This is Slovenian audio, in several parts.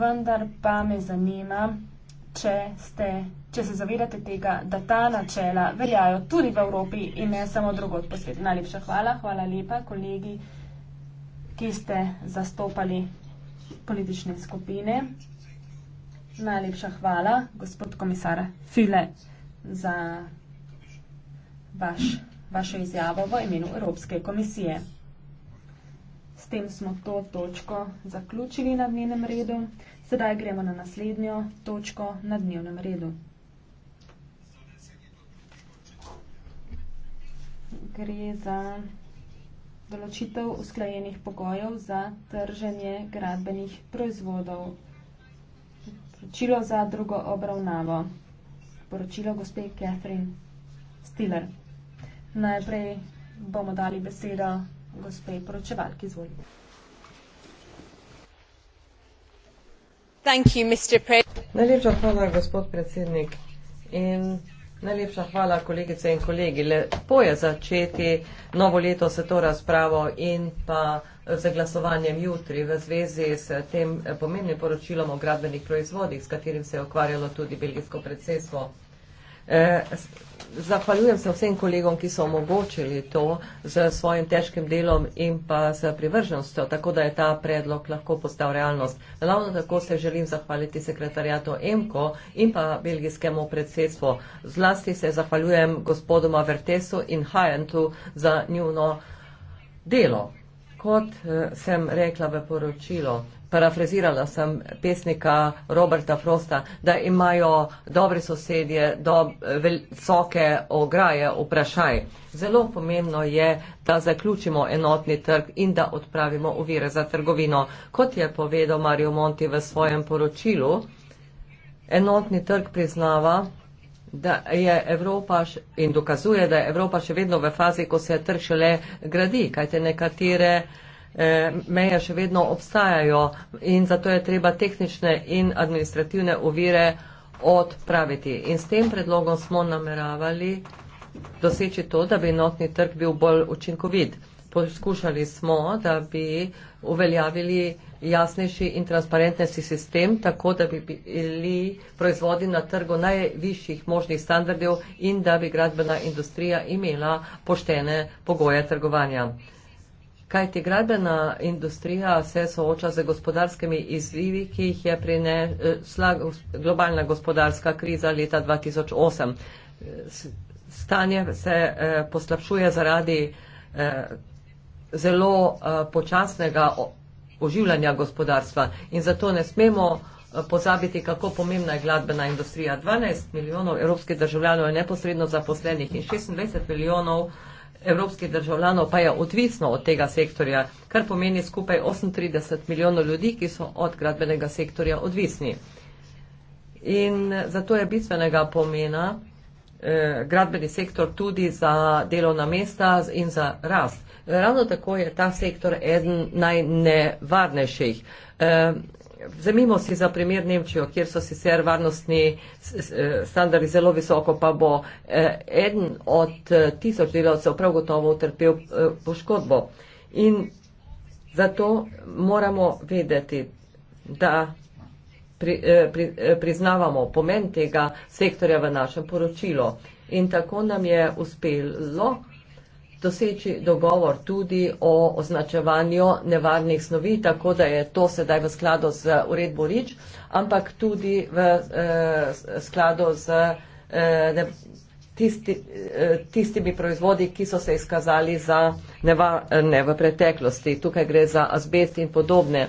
vendar pa me zanima, če, ste, če se zavedate tega, da ta načela veljajo tudi v Evropi in ne samo drugot po svetu. Najlepša hvala, hvala lepa, kolegi, ki ste zastopali politične skupine. Najlepša hvala, gospod komisar File, za vaš, vašo izjavo v imenu Evropske komisije. S tem smo to točko zaključili na dnevnem redu. Sedaj gremo na naslednjo točko na dnevnem redu. Gre za določitev usklajenih pogojev za trženje gradbenih proizvodov. Poročilo za drugo obravnavo. Poročilo gospe Catherine Stiller. Najprej bomo dali besedo gospe poročevalki. Izvolite. Najlepša hvala, gospod predsednik. In najlepša hvala, kolegice in kolegi. Lepo je začeti novo leto s to razpravo in pa z glasovanjem jutri v zvezi s tem pomembnim poročilom o gradbenih proizvodih, s katerim se je ukvarjalo tudi belgijsko predsedstvo. Eh, zahvaljujem se vsem kolegom, ki so omogočili to z svojim težkim delom in pa s privrženostjo, tako da je ta predlog lahko postal realnost. Ravno tako se želim zahvaliti sekretarjato EMKO in pa belgijskemu predsedstvu. Zlasti se zahvaljujem gospodoma Vertesu in Hajentu za njuno delo. Kot eh, sem rekla v poročilo, parafrazirala sem pesnika Roberta Frosta, da imajo dobre sosedje, do visoke ograje vprašaj. Zelo pomembno je, da zaključimo enotni trg in da odpravimo uvire za trgovino. Kot je povedal Mario Monti v svojem poročilu, enotni trg priznava, da je Evropa in dokazuje, da je Evropa še vedno v fazi, ko se trg šele gradi, kajte nekatere Eh, meje še vedno obstajajo in zato je treba tehnične in administrativne ovire odpraviti. In s tem predlogom smo nameravali doseči to, da bi notni trg bil bolj učinkovit. Poskušali smo, da bi uveljavili jasnejši in transparentnejši sistem, tako da bi bili proizvodi na trgu najvišjih možnih standardov in da bi gradbena industrija imela poštene pogoje trgovanja kaj ti gradbena industrija se sooča z gospodarskimi izzivi, ki jih je prinesla globalna gospodarska kriza leta 2008. Stanje se eh, poslabšuje zaradi eh, zelo eh, počasnega oživljanja gospodarstva in zato ne smemo pozabiti, kako pomembna je gladbena industrija. 12 milijonov evropskih državljanov je neposredno zaposlenih in 26 milijonov uh, evropskih državljanov pa je odvisno od tega sektorja, kar pomeni skupaj 38 milijonov ljudi, ki so od gradbenega sektorja odvisni. In zato je bistvenega pomena eh, gradbeni sektor tudi za delovna mesta in za rast. Ravno tako je ta sektor eden najnevarnejših. Eh, Vzemimo si za primer Nemčijo, kjer so sicer varnostni eh, standardi zelo visoko, pa bo eh, eden od eh, tisoč delavcev prav gotovo utrpel poškodbo. In zato moramo vedeti, da pri, pri, priznavamo pomen tega sektorja v našem poročilu. In tako nam je uspelo doseči dogovor tudi o označevanju nevarnih snovi, tako da je to sedaj v skladu z uredbo REACH, ampak tudi v eh, eh, skladu z eh, ne, tisti, eh, tistimi proizvodi, ki so se izkazali za nevarne v preteklosti. Tukaj gre za azbest in podobne,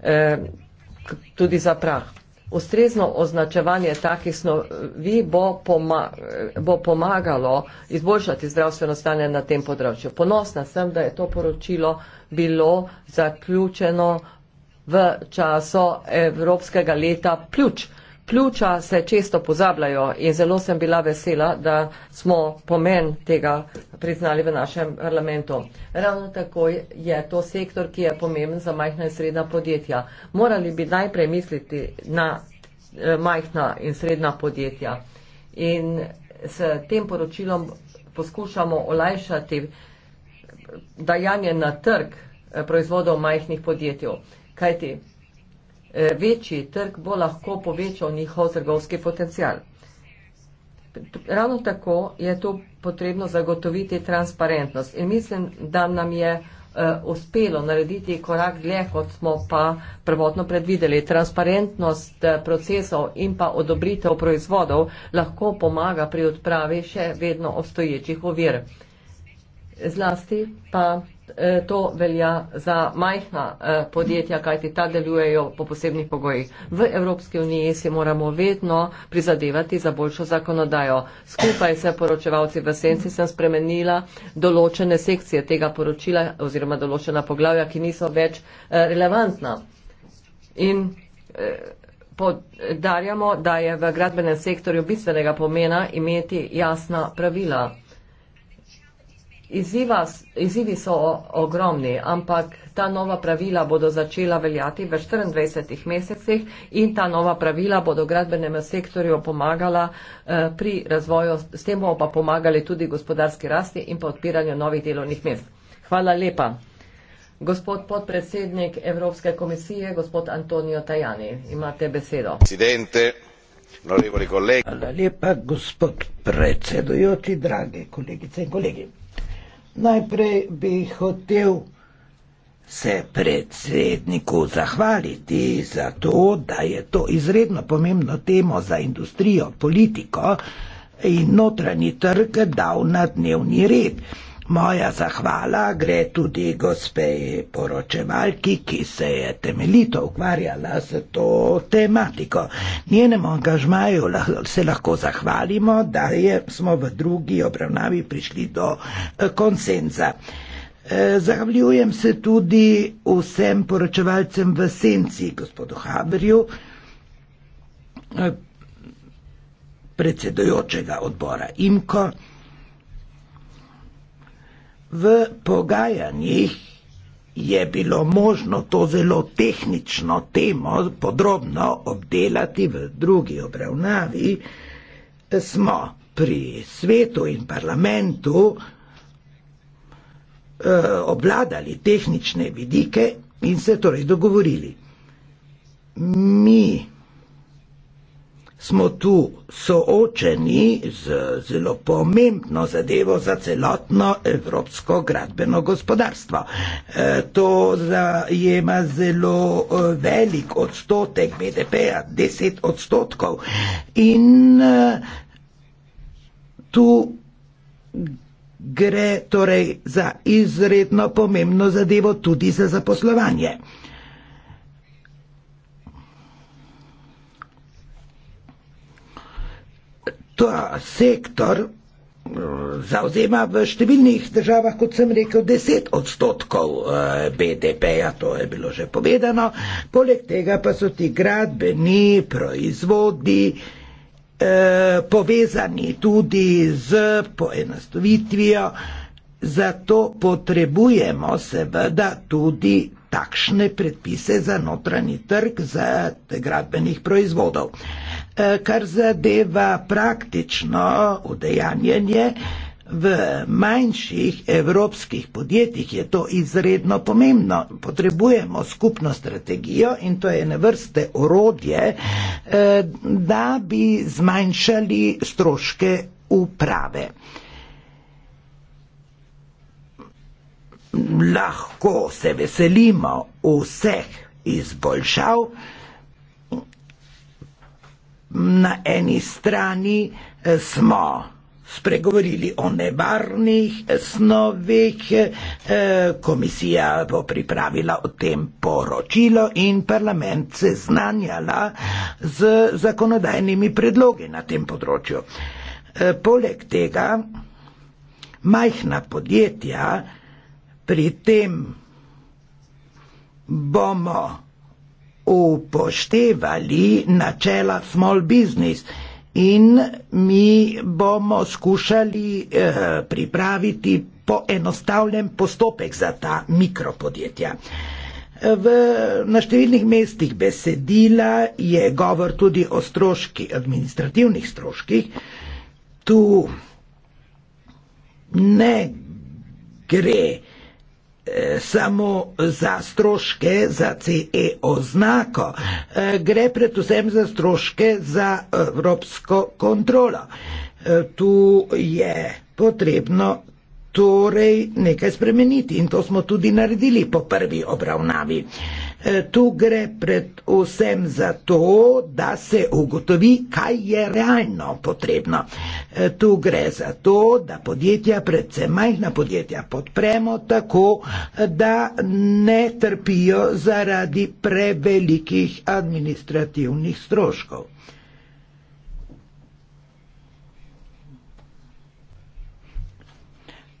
eh, tudi za prah ustrezno označevanje takih snovi bo, pomag bo pomagalo izboljšati zdravstveno stanje na tem področju. Ponosna sem, da je to poročilo bilo zaključeno v času Evropskega leta pljuč. Ključa se često pozabljajo in zelo sem bila vesela, da smo pomen tega priznali v našem parlamentu. Ravno tako je to sektor, ki je pomemben za majhna in srednja podjetja. Morali bi najprej misliti na eh, majhna in srednja podjetja in s tem poročilom poskušamo olajšati dajanje na trg eh, proizvodov majhnih podjetij. Kajti Eh, večji trg bo lahko povečal njihov trgovski potencial. Ravno tako je tu potrebno zagotoviti transparentnost in mislim, da nam je uh, uspelo narediti korak dlje, kot smo pa prvotno predvideli. Transparentnost eh, procesov in pa odobritev proizvodov lahko pomaga pri odpravi še vedno obstoječih ovir. Zlasti pa Eh, to velja za majhna eh, podjetja, kajti ta delujejo po posebnih pogojih. V Evropski uniji si moramo vedno prizadevati za boljšo zakonodajo. Skupaj se poročevalci v senci sem spremenila določene sekcije tega poročila oziroma določena poglavja, ki niso več eh, relevantna. In podarjamo, da je v gradbenem sektorju bistvenega pomena imeti jasna pravila. Iziva, izivi so ogromni, ampak ta nova pravila bodo začela veljati v 24 mesecih in ta nova pravila bodo gradbenem sektorju pomagala eh, pri razvoju, s tem bomo pa pomagali tudi gospodarski rasti in pa odpiranju novih delovnih mest. Hvala lepa. Gospod podpredsednik Evropske komisije, gospod Antonijo Tajani, imate besedo. Presidente. Hvala lepa, gospod predsedujoči, drage kolegice in kolegi. Najprej bi hotel se predsedniku zahvaliti za to, da je to izredno pomembno temo za industrijo, politiko in notranji trg dal na dnevni red. Moja zahvala gre tudi gospe poročevalki, ki se je temeljito ukvarjala s to tematiko. Njenemu angažmaju se lahko zahvalimo, da je, smo v drugi obravnavi prišli do eh, konsenza. Eh, zahvaljujem se tudi vsem poročevalcem v senci, gospodu Habrju, eh, predsedojočega odbora IMKO. V pogajanjih je bilo možno to zelo tehnično temo podrobno obdelati v drugi obravnavi, smo pri svetu in parlamentu eh, obladali tehnične vidike in se torej dogovorili. Mi smo tu soočeni z zelo pomembno zadevo za celotno evropsko gradbeno gospodarstvo. E, to zajema zelo e, velik odstotek BDP-ja, 10 odstotkov. In e, tu gre torej za izredno pomembno zadevo tudi za zaposlovanje. ta sektor eh, zauzema v številnih državah, kot sem rekel, 10 odstotkov eh, BDP-ja, to je bilo že povedano. Poleg tega pa so ti gradbeni proizvodi eh, povezani tudi z poenostavitvijo, zato potrebujemo seveda tudi takšne predpise za notranji trg za te gradbenih proizvodov. E, kar zadeva praktično udejanjenje v manjših evropskih podjetjih, je to izredno pomembno. Potrebujemo skupno strategijo in to je ne vrste orodje, e, da bi zmanjšali stroške uprave. lahko se veselimo vseh izboljšav. Na eni strani eh, smo spregovorili o nevarnih eh, snovih, eh, komisija bo pripravila o tem poročilo in parlament se znanjala z zakonodajnimi predlogi na tem področju. Poleg tega majhna podjetja, pri tem bomo upoštevali načela small business in mi bomo skušali eh, pripraviti poenostavljen postopek za ta mikropodjetja. V, na številnih mestih besedila je govor tudi o stroški, administrativnih stroških. Tu ne gre eh, samo za stroške, za CE oznako, e, gre predvsem za stroške za evropsko kontrolo. E, tu je potrebno torej nekaj spremeniti in to smo tudi naredili po prvi obravnavi. E, tu gre predvsem za to, da se ugotovi, kaj je realno potrebno. E, tu gre za to, da podjetja, predvsem majhna podjetja, podpremo tako, da ne trpijo zaradi prevelikih administrativnih stroškov.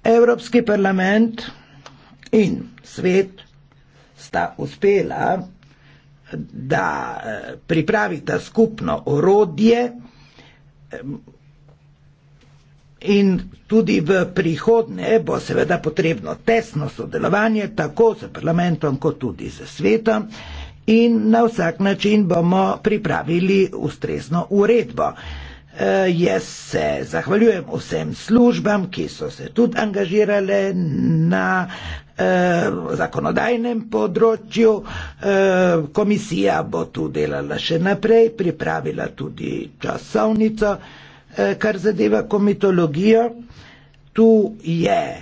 Evropski parlament in svet sta uspela, da eh, pripravita skupno orodje eh, in tudi v prihodnje bo seveda potrebno tesno sodelovanje tako z parlamentom kot tudi z svetom in na vsak način bomo pripravili ustrezno uredbo. Eh, jaz se zahvaljujem vsem službam, ki so se tudi angažirale na eh, zakonodajnem področju. Eh, komisija bo tu delala še naprej, pripravila tudi časovnico, kar zadeva komitologijo. Tu je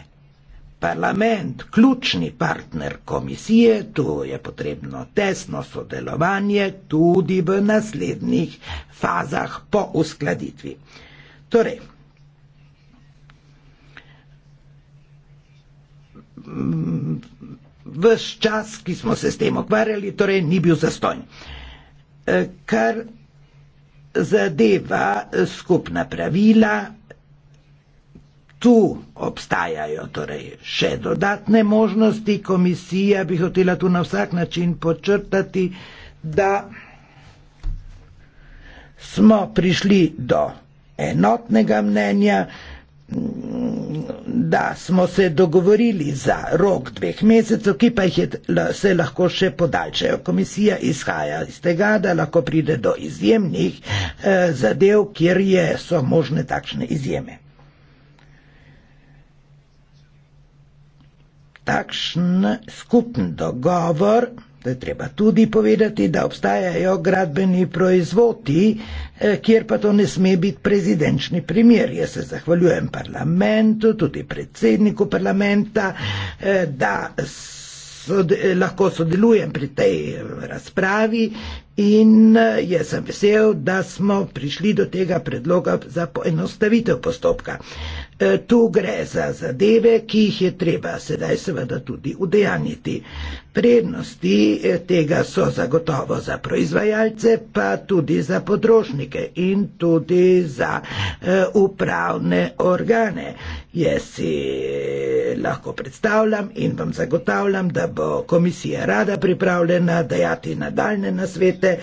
parlament ključni partner komisije, tu je potrebno tesno sodelovanje tudi v naslednjih fazah po uskladitvi. Torej, Ves čas, ki smo se s tem ukvarjali, torej ni bil zastojen. Kar zadeva skupna pravila, tu obstajajo torej še dodatne možnosti. Komisija bi hotela tu na vsak način počrtati, da smo prišli do enotnega mnenja, mm, da smo se dogovorili za rok dveh mesecev, ki pa jih je, se lahko še podaljšajo. Komisija izhaja iz tega, da lahko pride do izjemnih eh, zadev, kjer je, so možne takšne izjeme. takšen skupen dogovor, da je treba tudi povedati, da obstajajo gradbeni proizvodi, eh, kjer pa to ne sme biti prezidenčni primer. Jaz se zahvaljujem parlamentu, tudi predsedniku parlamenta, eh, da sod lahko sodelujem pri tej eh, razpravi in jaz sem vesel, da smo prišli do tega predloga za poenostavitev postopka. E, tu gre za zadeve, ki jih je treba sedaj seveda tudi udejaniti. Prednosti e, tega so zagotovo za proizvajalce, pa tudi za potrošnike in tudi za e, upravne organe. Jaz si lahko predstavljam in vam zagotavljam, da bo komisija rada pripravljena dajati nadaljne nasvete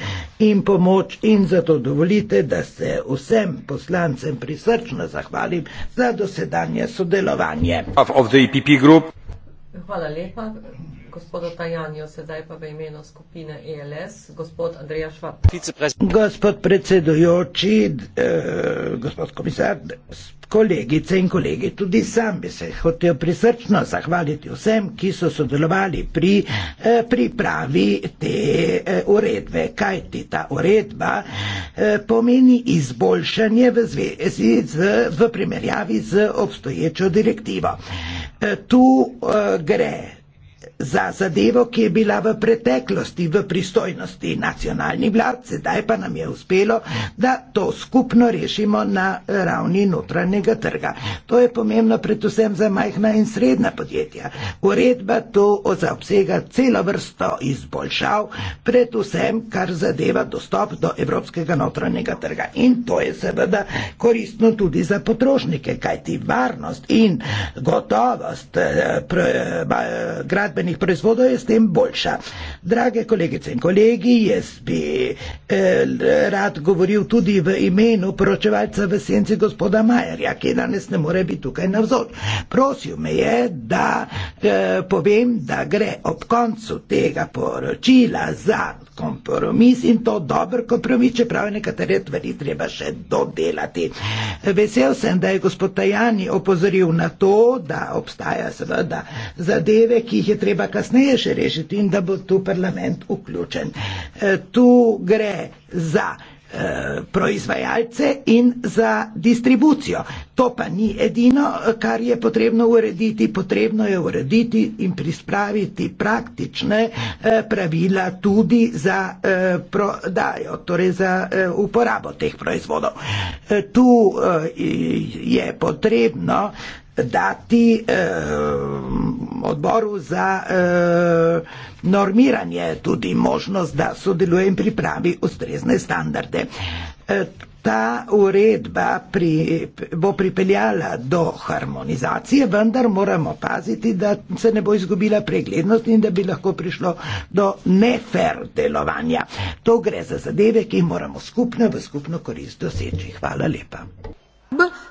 in pomoč in zato dovolite, da se vsem poslancem prisrčno zahvalim za dosedanje sodelovanje. E Hvala lepa gospodu Tajanju, sedaj pa v imenu skupine ELS, gospod Andrija Švab. Gospod predsedujoči, eh, gospod komisar, kolegice in kolegi, tudi sam bi se hotel prisrčno zahvaliti vsem, ki so sodelovali pri eh, pripravi te eh, uredbe. Kaj ti ta uredba eh, pomeni izboljšanje v zvezi z, v primerjavi z obstoječo direktivo? Eh, tu uh, gre za zadevo, ki je bila v preteklosti v pristojnosti nacionalnih vlad, sedaj pa nam je uspelo, da to skupno rešimo na ravni notranjega trga. To je pomembno predvsem za majhna in srednja podjetja. Uredba to zaobsega celo vrsto izboljšav, predvsem kar zadeva dostop do evropskega notranjega trga. In to je seveda koristno tudi za potrošnike, kajti varnost in gotovost eh, eh, eh, gradbenih zdravstvenih proizvodov je s tem boljša. Drage kolegice in kolegi, jaz bi eh, rad govoril tudi v imenu poročevalca v senci gospoda Majerja, ki danes ne more biti tukaj navzod. Prosil me je, da eh, povem, da gre ob koncu tega poročila za kompromis in to dober kompromis, čeprav nekatere stvari treba še dodelati. Vesel sem, da je gospod Tajani opozoril na to, da obstaja seveda zadeve, ki jih je treba treba kasneje še rešiti in da bo tu parlament vključen. E, tu gre za e, proizvajalce in za distribucijo. To pa ni edino, kar je potrebno urediti. Potrebno je urediti in pripraviti praktične e, pravila tudi za prodajo, torej za uporabo teh proizvodov. Tu je potrebno dati eh, odboru za eh, normiranje tudi možnost, da sodelujem pri pravi ustrezne standarde. Eh, Ta uredba pri, bo pripeljala do harmonizacije, vendar moramo paziti, da se ne bo izgubila preglednost in da bi lahko prišlo do nefer delovanja. To gre za zadeve, ki jih moramo skupno v skupno korist doseči. Hvala lepa.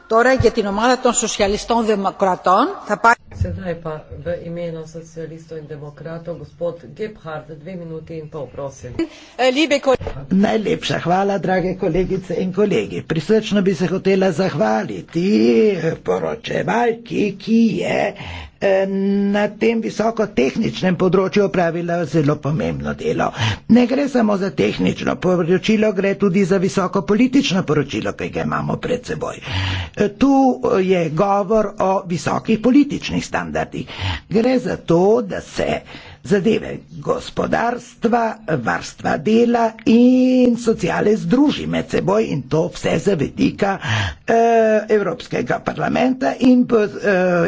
Torej, Sedaj pa v imenu socialistov in demokratov, gospod Gebhardt, dve minuti in pol, prosim. Eh, Najlepša hvala, drage kolegice in kolegi. Prisrčno bi se hotela zahvaliti poročevalki, ki je na tem visokotehničnem področju opravila zelo pomembno delo. Ne gre samo za tehnično poročilo, gre tudi za visoko politično poročilo, ki ga imamo pred seboj. E, tu je govor o visokih političnih standardih. Gre za to, da se zadeve gospodarstva, varstva dela in sociale združi med seboj in to vse za vedika eh, Evropskega parlamenta in po eh,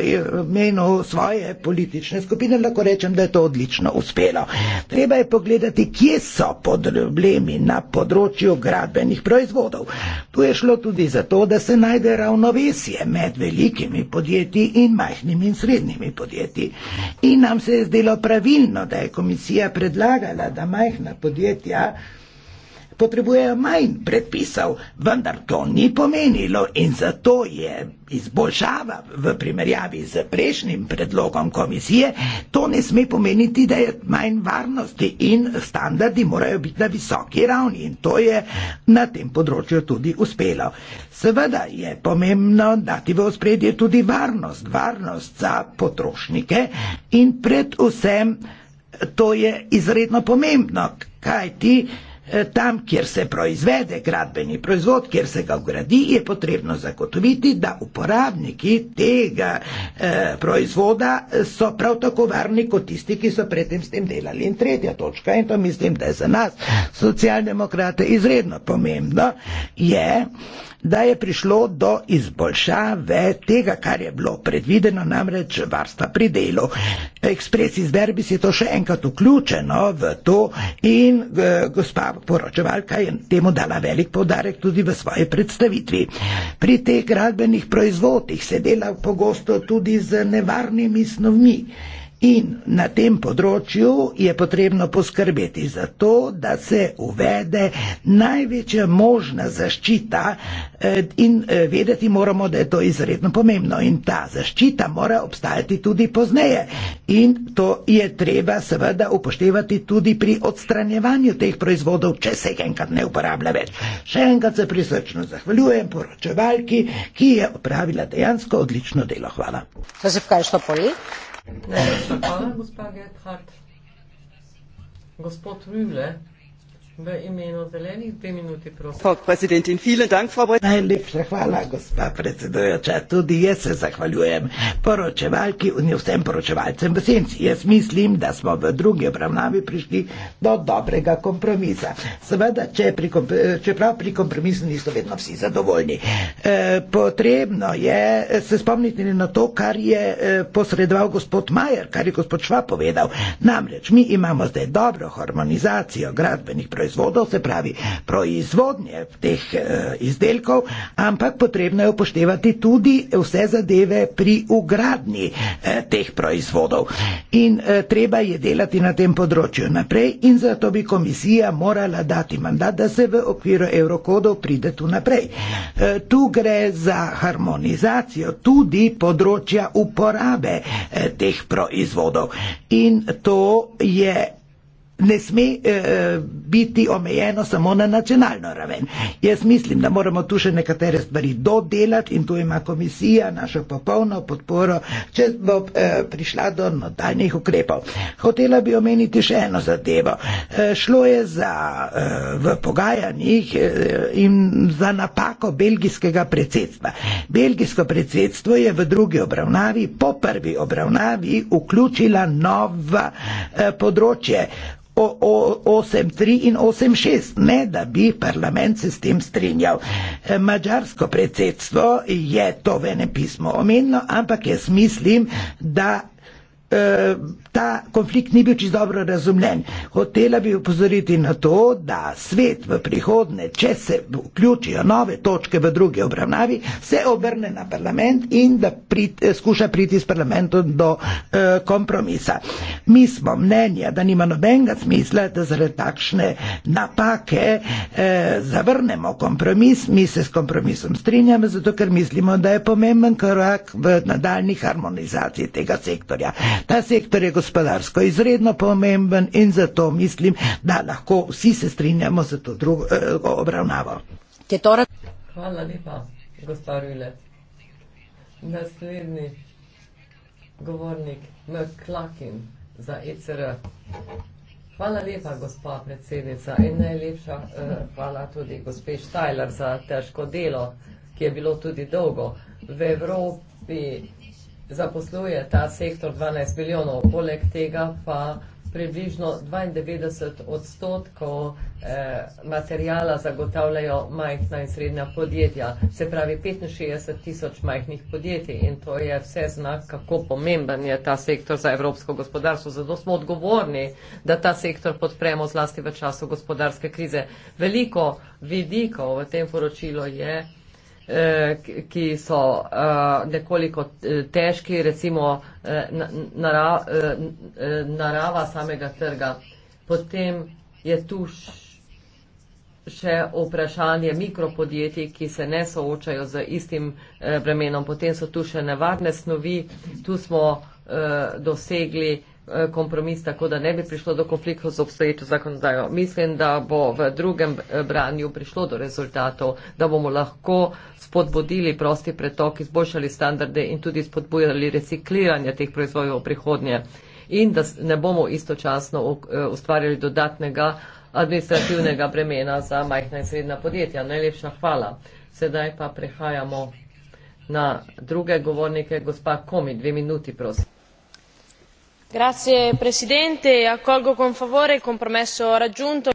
imenu svoje politične skupine lahko rečem, da je to odlično uspelo. Treba je pogledati, kje so problemi na področju gradbenih proizvodov. Tu je šlo tudi za to, da se najde ravnovesje med velikimi podjetji in majhnimi in srednjimi podjetji. In nam se je zdelo pravilno, pomembno, da je komisija predlagala, da majhna podjetja potrebujejo manj predpisov, vendar to ni pomenilo in zato je izboljšava v primerjavi z prejšnjim predlogom komisije, to ne sme pomeniti, da je manj varnosti in standardi morajo biti na visoki ravni in to je na tem področju tudi uspelo. Seveda je pomembno dati v ospredje tudi varnost, varnost za potrošnike in predvsem to je izredno pomembno, kaj ti E, tam, kjer se proizvede gradbeni proizvod, kjer se ga ugradi, je potrebno zagotoviti, da uporabniki tega eh, proizvoda so prav tako varni kot tisti, ki so predtem s tem delali. In tretja točka, in to mislim, da je za nas, socialdemokrate, izredno pomembno, je, da je prišlo do izboljšave tega, kar je bilo predvideno, namreč varstva pri delu. Ekspres iz Berbis je to še enkrat vključeno v to in eh, gospa poročevalka je temu dala velik podarek tudi v svoji predstavitvi. Pri teh gradbenih proizvodih se dela pogosto tudi z nevarnimi snovmi. In na tem področju je potrebno poskrbeti za to, da se uvede največja možna zaščita eh, in eh, vedeti moramo, da je to izredno pomembno in ta zaščita mora obstajati tudi pozneje. In to je treba seveda upoštevati tudi pri odstranjevanju teh proizvodov, če se jih enkrat ne uporablja več. Še enkrat se prisrčno zahvaljujem poročevalki, ki je opravila dejansko odlično delo. Hvala. Najlepša hvala, gospa Gerhard. Gospod Rüle, Najlepša Pre... hvala, gospa predsedujoča. Tudi jaz se zahvaljujem poročevalki in vsem poročevalcem v senci. Jaz mislim, da smo v drugi obravnavi prišli do dobrega kompromisa. Seveda, če pri komp... čeprav pri kompromisu niso vedno vsi zadovoljni. E, potrebno je e, se spomniti na to, kar je e, posredoval gospod Majer, kar je gospod Šva povedal. Namreč mi imamo zdaj dobro harmonizacijo gradbenih proizvodov proizvodov, se pravi proizvodnje teh eh, izdelkov, ampak potrebno je upoštevati tudi vse zadeve pri ugradni eh, teh proizvodov. In eh, treba je delati na tem področju naprej in zato bi komisija morala dati mandat, da se v okviru evrokodov pride tu naprej. Tu gre za harmonizacijo tudi področja uporabe teh proizvodov. In to je ne sme eh, biti omejeno samo na nacionalno raven. Jaz mislim, da moramo tu še nekatere stvari dodelati in tu ima komisija našo popolno podporo, če bo eh, prišla do nadaljnih ukrepov. Hotela bi omeniti še eno zadevo. Eh, šlo je za, eh, v pogajanjih eh, in za napako belgijskega predsedstva. Belgijsko predsedstvo je v drugi obravnavi, po prvi obravnavi, vključila nova eh, področje 8-3 in 8-6, ne da bi parlament se s tem strinjal. E, Mačarsko predsedstvo je to v enem pismu omenilo, ampak jaz mislim, da. Eh, ta konflikt ni bil čisto dobro razumljen. Hotela bi upozoriti na to, da svet v prihodnje, če se vključijo nove točke v druge obravnavi, se obrne na parlament in da prit, eh, skuša priti s parlamentom do e, kompromisa. Mi smo mnenja, da nima nobenega smisla, da zaradi takšne napake e, zavrnemo kompromis. Mi se s kompromisom strinjamo, zato ker mislimo, da je pomemben korak v nadaljni harmonizaciji tega sektorja. Ta sektor je gospodarstvo gospodarsko izredno pomemben in zato mislim, da lahko vsi se strinjamo za to drugo eh, obravnavo. Tora... Hvala lepa, gospod Rilec. Naslednji govornik, Mklakin za ECR. Hvala lepa, gospa predsednica in najlepša eh, hvala tudi gospe Štajler za težko delo, ki je bilo tudi dolgo v Evropi zaposluje ta sektor 12 milijonov, poleg tega pa približno 92 odstotkov eh, materijala zagotavljajo majhna in srednja podjetja, se pravi 65 tisoč majhnih podjetij in to je vse znak, kako pomemben je ta sektor za evropsko gospodarstvo. Zato smo odgovorni, da ta sektor podpremo zlasti v času gospodarske krize. Veliko vidikov v tem poročilu je Eh, ki so eh, nekoliko eh, težki, recimo narava samega trga. Potem je tu še vprašanje mikropodjetij, ki se ne soočajo z istim bremenom. Potem so tu še nevarne snovi, tu smo dosegli Eh, kompromis, tako da ne bi prišlo do konfliktov z obstoječo zakonodajo. Mislim, da bo v drugem eh, branju prišlo do rezultatov, da bomo lahko spodbudili prosti pretok, izboljšali standarde in tudi spodbujali recikliranje teh proizvodov v prihodnje in da ne bomo istočasno eh, ustvarjali dodatnega administrativnega bremena za majhna in srednja podjetja. Najlepša hvala. Sedaj pa prehajamo na druge govornike. Gospa Komi, dve minuti, prosim signor presidente accolgo con favore il compromesso raggiunto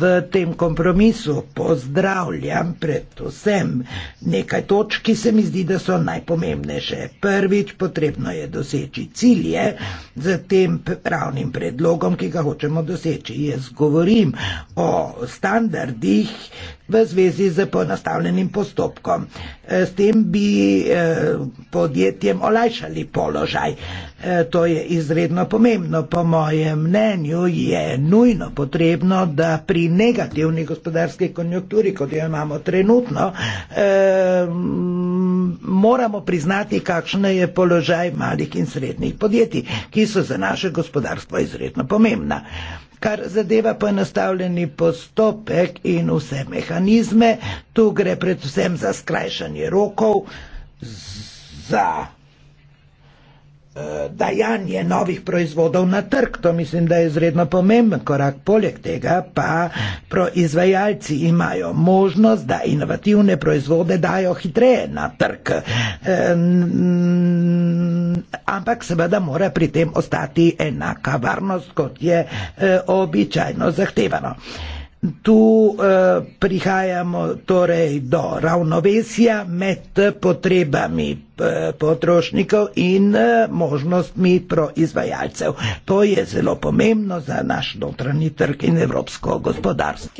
v tem kompromisu pozdravljam predvsem nekaj točk, ki se mi zdi, da so najpomembnejše. Prvič, potrebno je doseči cilje z tem pravnim predlogom, ki ga hočemo doseči. Jaz govorim o standardih v zvezi z ponastavljenim postopkom. E, s tem bi e, podjetjem olajšali položaj. E, to je izredno pomembno. Po mojem mnenju je nujno potrebno, da pri negativni gospodarski konjunkturi, kot jo imamo trenutno, moramo priznati, kakšen je položaj malih in srednjih podjetij, ki so za naše gospodarstvo izredno pomembna. Kar zadeva poenostavljeni postopek in vse mehanizme, tu gre predvsem za skrajšanje rokov, za Eh, dajanje novih proizvodov na trg, to mislim, da je izredno pomemben korak. Poleg tega pa proizvajalci imajo možnost, da inovativne proizvode dajo hitreje na trg. Eh, ampak seveda mora pri tem ostati enaka varnost, kot je eh, običajno zahtevano. Tu eh, prihajamo torej do ravnovesja med potrebami eh, potrošnikov in eh, možnostmi proizvajalcev. To je zelo pomembno za naš notranji trg in evropsko gospodarstvo.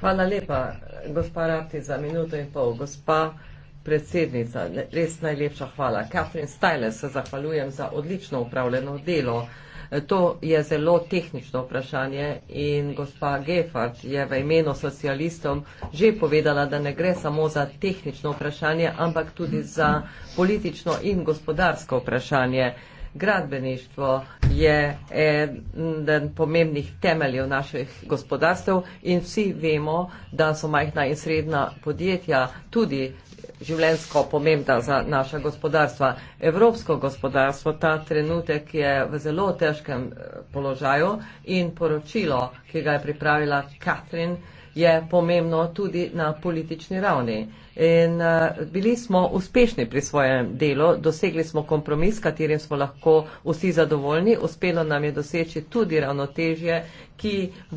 Hvala lepa, gospa Rati, za minuto in pol. Gospa predsednica, res najlepša hvala. Catherine Stajle se zahvaljujem za odlično upravljeno delo. To je zelo tehnično vprašanje in gospa Gefard je v imenu socialistom že povedala, da ne gre samo za tehnično vprašanje, ampak tudi za politično in gospodarsko vprašanje. Gradbeništvo je eden pomembnih temeljev naših gospodarstv in vsi vemo, da so majhna in srednja podjetja tudi življensko pomembna za naše gospodarstva. Evropsko gospodarstvo ta trenutek je v zelo težkem eh, položaju in poročilo, ki ga je pripravila Katrin, je pomembno tudi na politični ravni. In uh, bili smo uspešni pri svojem delu, dosegli smo kompromis, katerim smo lahko vsi zadovoljni. Uspelo nam je doseči tudi ravnotežje, ki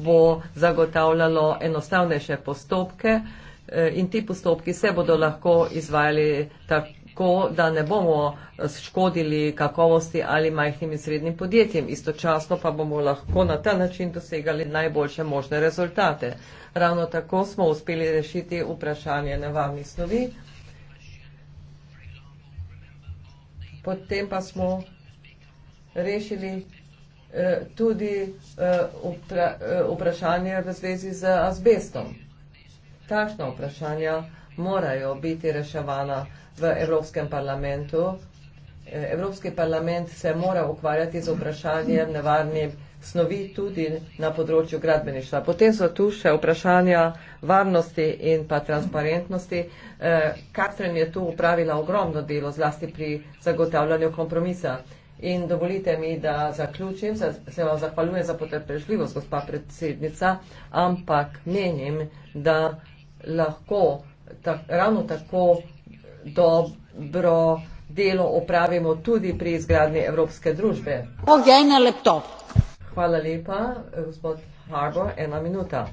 bo zagotavljalo enostavnejše postopke. Uh, Eh, in ti postopki se bodo lahko izvajali tako, da ne bomo eh, škodili kakovosti ali majhnim in srednjim podjetjem, istočasno pa bomo lahko na ta način dosegali najboljše možne rezultate. Ravno tako smo uspeli rešiti vprašanje nevarnih snovi. Potem pa smo rešili eh, tudi eh, vpra, eh, vprašanje v zvezi z azbestom. Takšna vprašanja morajo biti reševana v Evropskem parlamentu. Evropski parlament se mora ukvarjati z vprašanjem nevarnih snovi tudi na področju gradbeništva. Potem so tu še vprašanja varnosti in pa transparentnosti. Katrin eh, je tu upravila ogromno delo, zlasti pri zagotavljanju kompromisa. In dovolite mi, da zaključim. Se vam zahvaljujem za potrpežljivost, gospa predsednica, ampak menim, da lahko ta, ravno tako dobro delo opravimo tudi pri izgradnji evropske družbe. Hvala lepa, eh, gospod Harbour, ena minuta.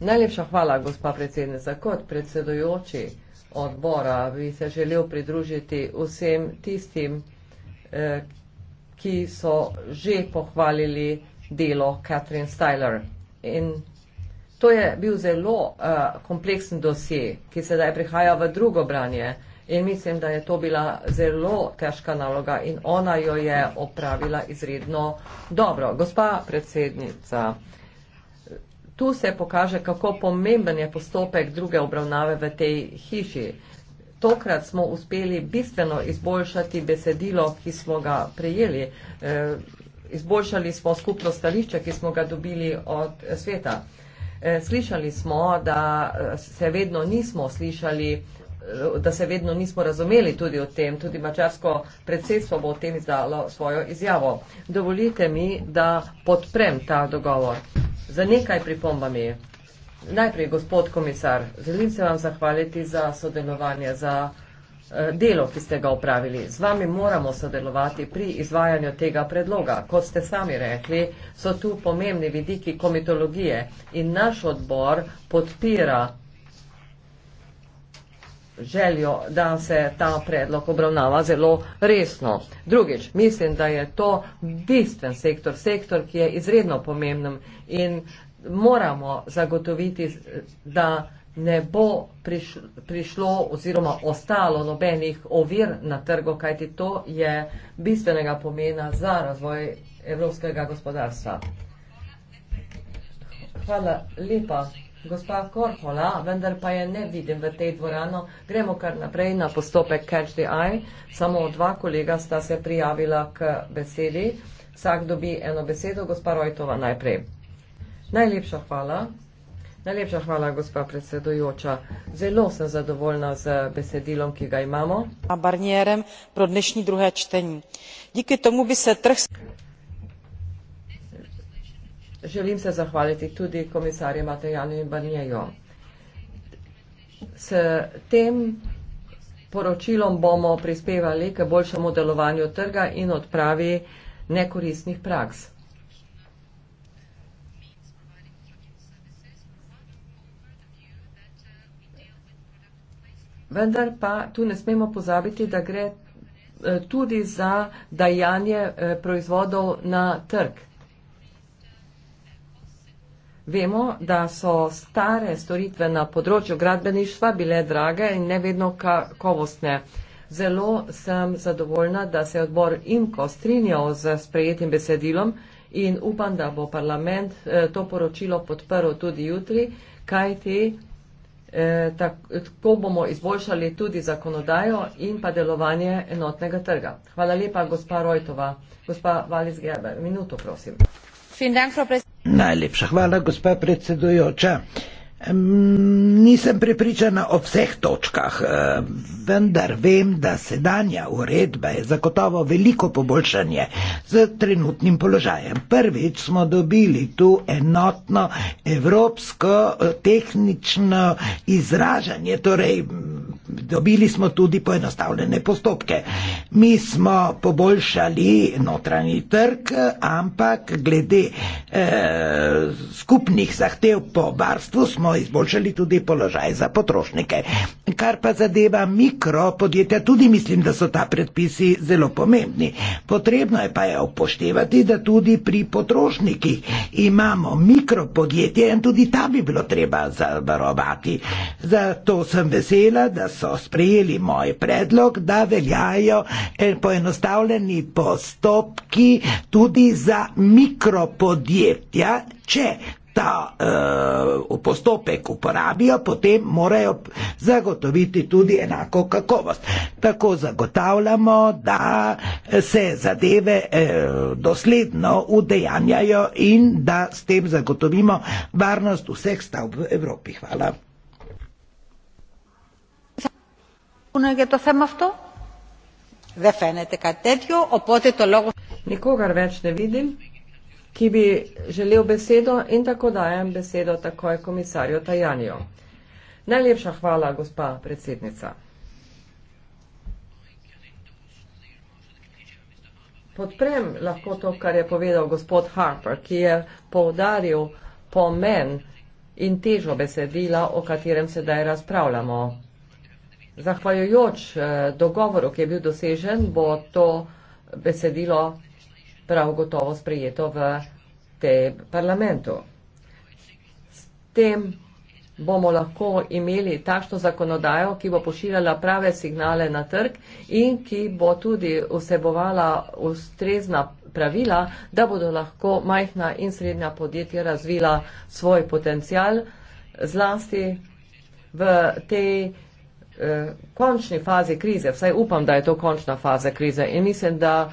Najlepša hvala, gospa predsednica. Kot predsedujoči odbora bi se želel pridružiti vsem tistim, eh, ki so že pohvalili delo Katrin Styler. In To je bil zelo uh, kompleksen dosje, ki sedaj prihaja v drugo branje in mislim, da je to bila zelo težka naloga in ona jo je opravila izredno dobro. Gospa predsednica, tu se pokaže, kako pomemben je postopek druge obravnave v tej hiši. Tokrat smo uspeli bistveno izboljšati besedilo, ki smo ga prejeli. E, izboljšali smo skupno stališče, ki smo ga dobili od eh, sveta. Eh, slišali smo, da eh, se vedno nismo slišali, eh, da se vedno nismo razumeli tudi o tem. Tudi mačarsko predsedstvo bo o tem izdalo svojo izjavo. Dovolite mi, da podprem ta dogovor. Za nekaj pripombami. Najprej, gospod komisar, želim se vam zahvaliti za sodelovanje, za Eh, delo, ki ste ga upravili. Z vami moramo sodelovati pri izvajanju tega predloga. Kot ste sami rekli, so tu pomembni vidiki komitologije in naš odbor podpira željo, da se ta predlog obravnava zelo resno. Drugič, mislim, da je to bistven sektor, sektor, ki je izredno pomembnem in moramo zagotoviti, da ne bo prišlo, prišlo oziroma ostalo nobenih ovir na trgu, kajti to je bistvenega pomena za razvoj evropskega gospodarstva. Hvala lepa, gospa Korhola, vendar pa je ne vidim v tej dvorano. Gremo kar naprej na postopek Catch the Eye. Samo dva kolega sta se prijavila k besedi. Vsak dobi eno besedo, gospa Rojtova najprej. Najlepša hvala. Najlepša hvala, gospa predsedujoča. Zelo sem zadovoljna z besedilom, ki ga imamo. A barnierem pro dnešnji druhé čtení. Díky tomu by se trh... Želim se zahvaliti tudi komisarju Matejanu in Barnieju. S tem poročilom bomo prispevali k boljšemu delovanju trga in odpravi nekoristnih praks. Vendar pa tu ne smemo pozabiti, da gre eh, tudi za dajanje eh, proizvodov na trg. Vemo, da so stare storitve na področju gradbeništva bile drage in ne vedno kakovostne. Zelo sem zadovoljna, da se je odbor IMKO strinjal z sprejetim besedilom in upam, da bo parlament eh, to poročilo podprl tudi jutri, kajti Eh, tako bomo izboljšali tudi zakonodajo in pa delovanje enotnega trga. Hvala lepa, gospa Rojtova. Gospa Valis Geber, minuto prosim. Najlepša hvala, gospa predsedujoča. Nisem prepričana o vseh točkah, eh, vendar vem, da sedanja uredba je zagotovo veliko poboljšanje z trenutnim položajem. Prvič smo dobili tu enotno evropsko eh, tehnično izražanje, torej Dobili smo tudi poenostavljene postopke. Mi smo poboljšali notranji trg, ampak glede eh, skupnih zahtev po varstvu smo izboljšali tudi položaj za potrošnike. Kar pa zadeva mikropodjetja, tudi mislim, da so ta predpisi zelo pomembni. Potrebno je pa je upoštevati, da tudi pri potrošnikih imamo mikropodjetje in tudi ta bi bilo treba zavarovati. Zato sem vesela, da se so sprejeli moj predlog, da veljajo eh, poenostavljeni postopki tudi za mikropodjetja, če ta uh, postopek uporabijo, potem morajo zagotoviti tudi enako kakovost. Tako zagotavljamo, da se zadeve uh, dosledno udejanjajo in da s tem zagotovimo varnost vseh stavb v Evropi. Hvala. Nikogar več ne vidim, ki bi želel besedo in tako dajem besedo takoj komisarju Tajanju. Najlepša hvala, gospa predsednica. Podprem lahko to, kar je povedal gospod Harper, ki je poudaril pomen in težo besedila, o katerem sedaj razpravljamo. Zahvaljujoč eh, dogovoru, ki je bil dosežen, bo to besedilo prav gotovo sprejeto v tem parlamentu. S tem bomo lahko imeli takšno zakonodajo, ki bo pošiljala prave signale na trg in ki bo tudi vsebovala ustrezna pravila, da bodo lahko majhna in srednja podjetja razvila svoj potencial zlasti v tej. Eh, končni fazi krize, vsaj upam, da je to končna faza krize in mislim, da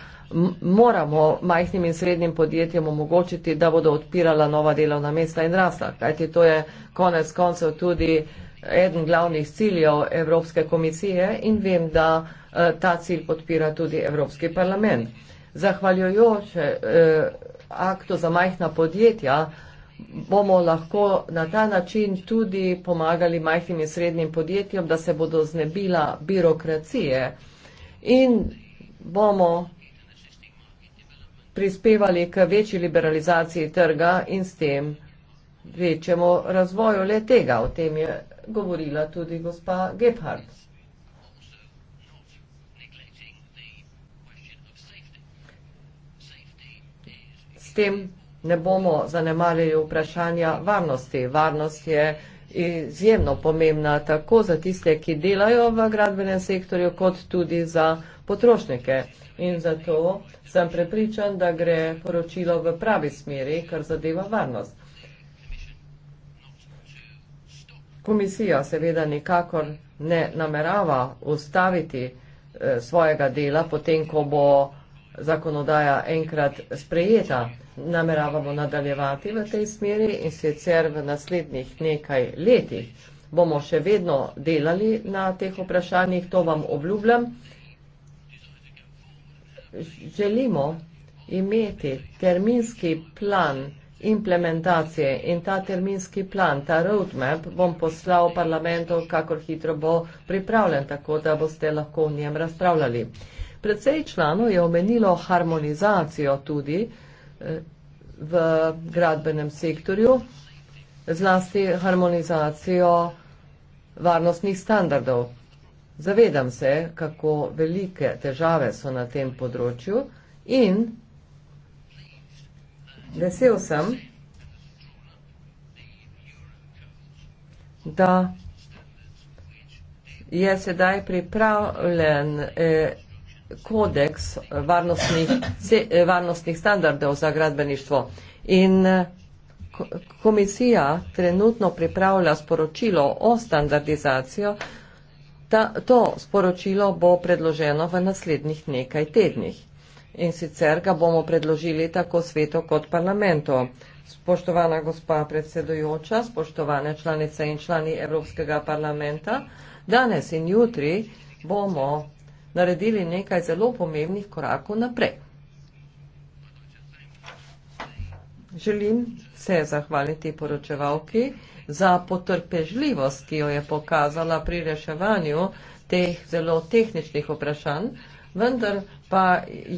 moramo majhnim in srednjim podjetjem omogočiti, da bodo odpirala nova delovna mesta in rasta, kajti to je konec koncev tudi eden glavnih ciljev Evropske komisije in vem, da eh, ta cilj podpira tudi Evropski parlament. Zahvaljujoč eh, aktu za majhna podjetja, eh, bomo lahko na ta način tudi pomagali majhnim in srednjim podjetjem, da se bodo znebila birokracije in bomo prispevali k večji liberalizaciji trga in s tem večjemu razvoju le tega. O tem je govorila tudi gospa Gebhardt. S tem ne bomo zanemarili vprašanja varnosti. Varnost je izjemno pomembna tako za tiste, ki delajo v gradbenem sektorju, kot tudi za potrošnike. In zato sem prepričan, da gre poročilo v pravi smeri, kar zadeva varnost. Komisija seveda nikakor ne namerava ustaviti eh, svojega dela, potem ko bo zakonodaja enkrat sprejeta nameravamo nadaljevati v tej smeri in sicer v naslednjih nekaj letih bomo še vedno delali na teh vprašanjih, to vam obljubljam. Želimo imeti terminski plan implementacije in ta terminski plan, ta roadmap, bom poslal parlamentu, kakor hitro bo pripravljen, tako da boste lahko v njem razpravljali. Predvsej članov je omenilo harmonizacijo tudi, v gradbenem sektorju, zlasti harmonizacijo varnostnih standardov. Zavedam se, kako velike težave so na tem področju in vesel sem, da je sedaj pripravljen eh, kodeks varnostnih, varnostnih standardov za gradbeništvo. In eh, komisija trenutno pripravlja sporočilo o standardizacijo. Ta, to sporočilo bo predloženo v naslednjih nekaj tednih. In sicer ga bomo predložili tako svetu kot parlamentu. Spoštovana gospa predsedujoča, spoštovane članice in člani Evropskega parlamenta, danes in jutri bomo naredili nekaj zelo pomembnih korakov naprej. Želim se zahvaliti poročevalki za potrpežljivost, ki jo je pokazala pri reševanju teh zelo tehničnih vprašanj, vendar pa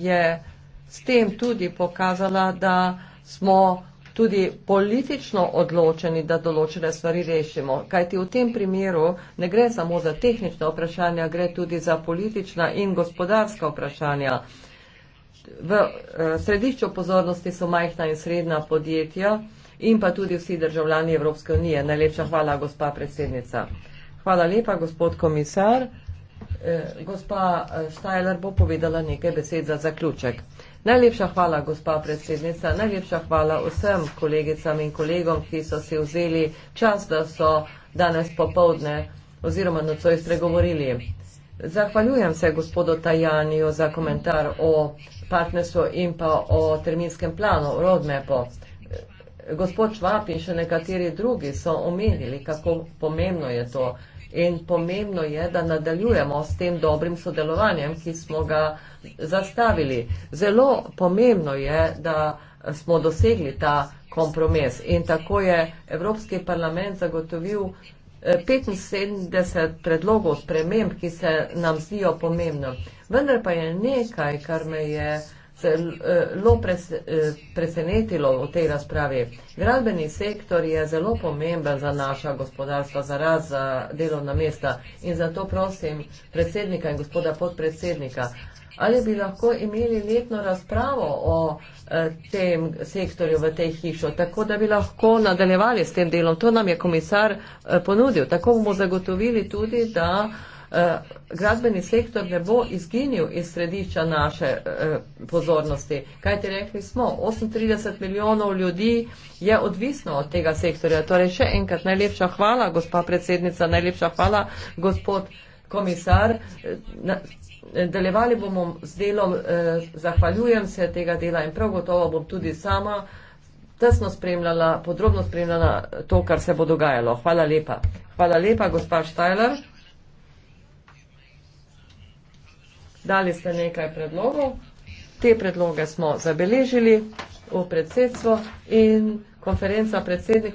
je s tem tudi pokazala, da smo tudi politično odločeni, da določene stvari rešimo. Kaj ti v tem primeru ne gre samo za tehnične vprašanja, gre tudi za politična in gospodarska vprašanja. V eh, središču pozornosti so majhna in srednja podjetja in pa tudi vsi državljani Evropske unije. Najlepša hvala, gospa predsednica. Hvala lepa, gospod komisar. Eh, gospa eh, Štajler bo povedala nekaj besed za zaključek. Najlepša hvala, gospa predsednica, najlepša hvala vsem kolegicam in kolegom, ki so si vzeli čas, da so danes popovdne oziroma nocoj spregovorili. Zahvaljujem se gospodu Tajaniju za komentar o partnerstvu in pa o terminskem planu, o roadmapu. Gospod Švap in še nekateri drugi so omenili, kako pomembno je to. In pomembno je, da nadaljujemo s tem dobrim sodelovanjem, ki smo ga zastavili. Zelo pomembno je, da smo dosegli ta kompromis. In tako je Evropski parlament zagotovil 75 eh, predlogov sprememb, ki se nam zdijo pomembno. Vendar pa je nekaj, kar me je zelo eh, eh, presenetilo v tej razpravi. Gradbeni sektor je zelo pomemben za naša gospodarstva, za raz, za delovna mesta in zato prosim predsednika in gospoda podpredsednika, ali bi lahko imeli letno razpravo o eh, tem sektorju v tej hišo, tako da bi lahko nadaljevali s tem delom. To nam je komisar ponudil. Tako bomo zagotovili tudi, da Eh, gradbeni sektor ne bo izginil iz središča naše eh, pozornosti. Kaj ti rekli smo? 38 milijonov ljudi je odvisno od tega sektorja. Torej še enkrat najlepša hvala, gospa predsednica, najlepša hvala, gospod komisar. Delevali bomo z delom, eh, zahvaljujem se tega dela in prav gotovo bom tudi sama tesno spremljala, podrobno spremljala to, kar se bo dogajalo. Hvala lepa. Hvala lepa, gospa Štajler. Dali ste nekaj predlogov, te predloge smo zabeležili v predsedstvo in konferenca predsednik.